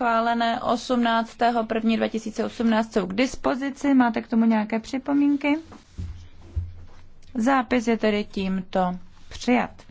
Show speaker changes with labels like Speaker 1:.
Speaker 1: schválené 18. 1. 2018 jsou k dispozici. Máte k tomu nějaké připomínky? Zápis je tedy tímto přijat.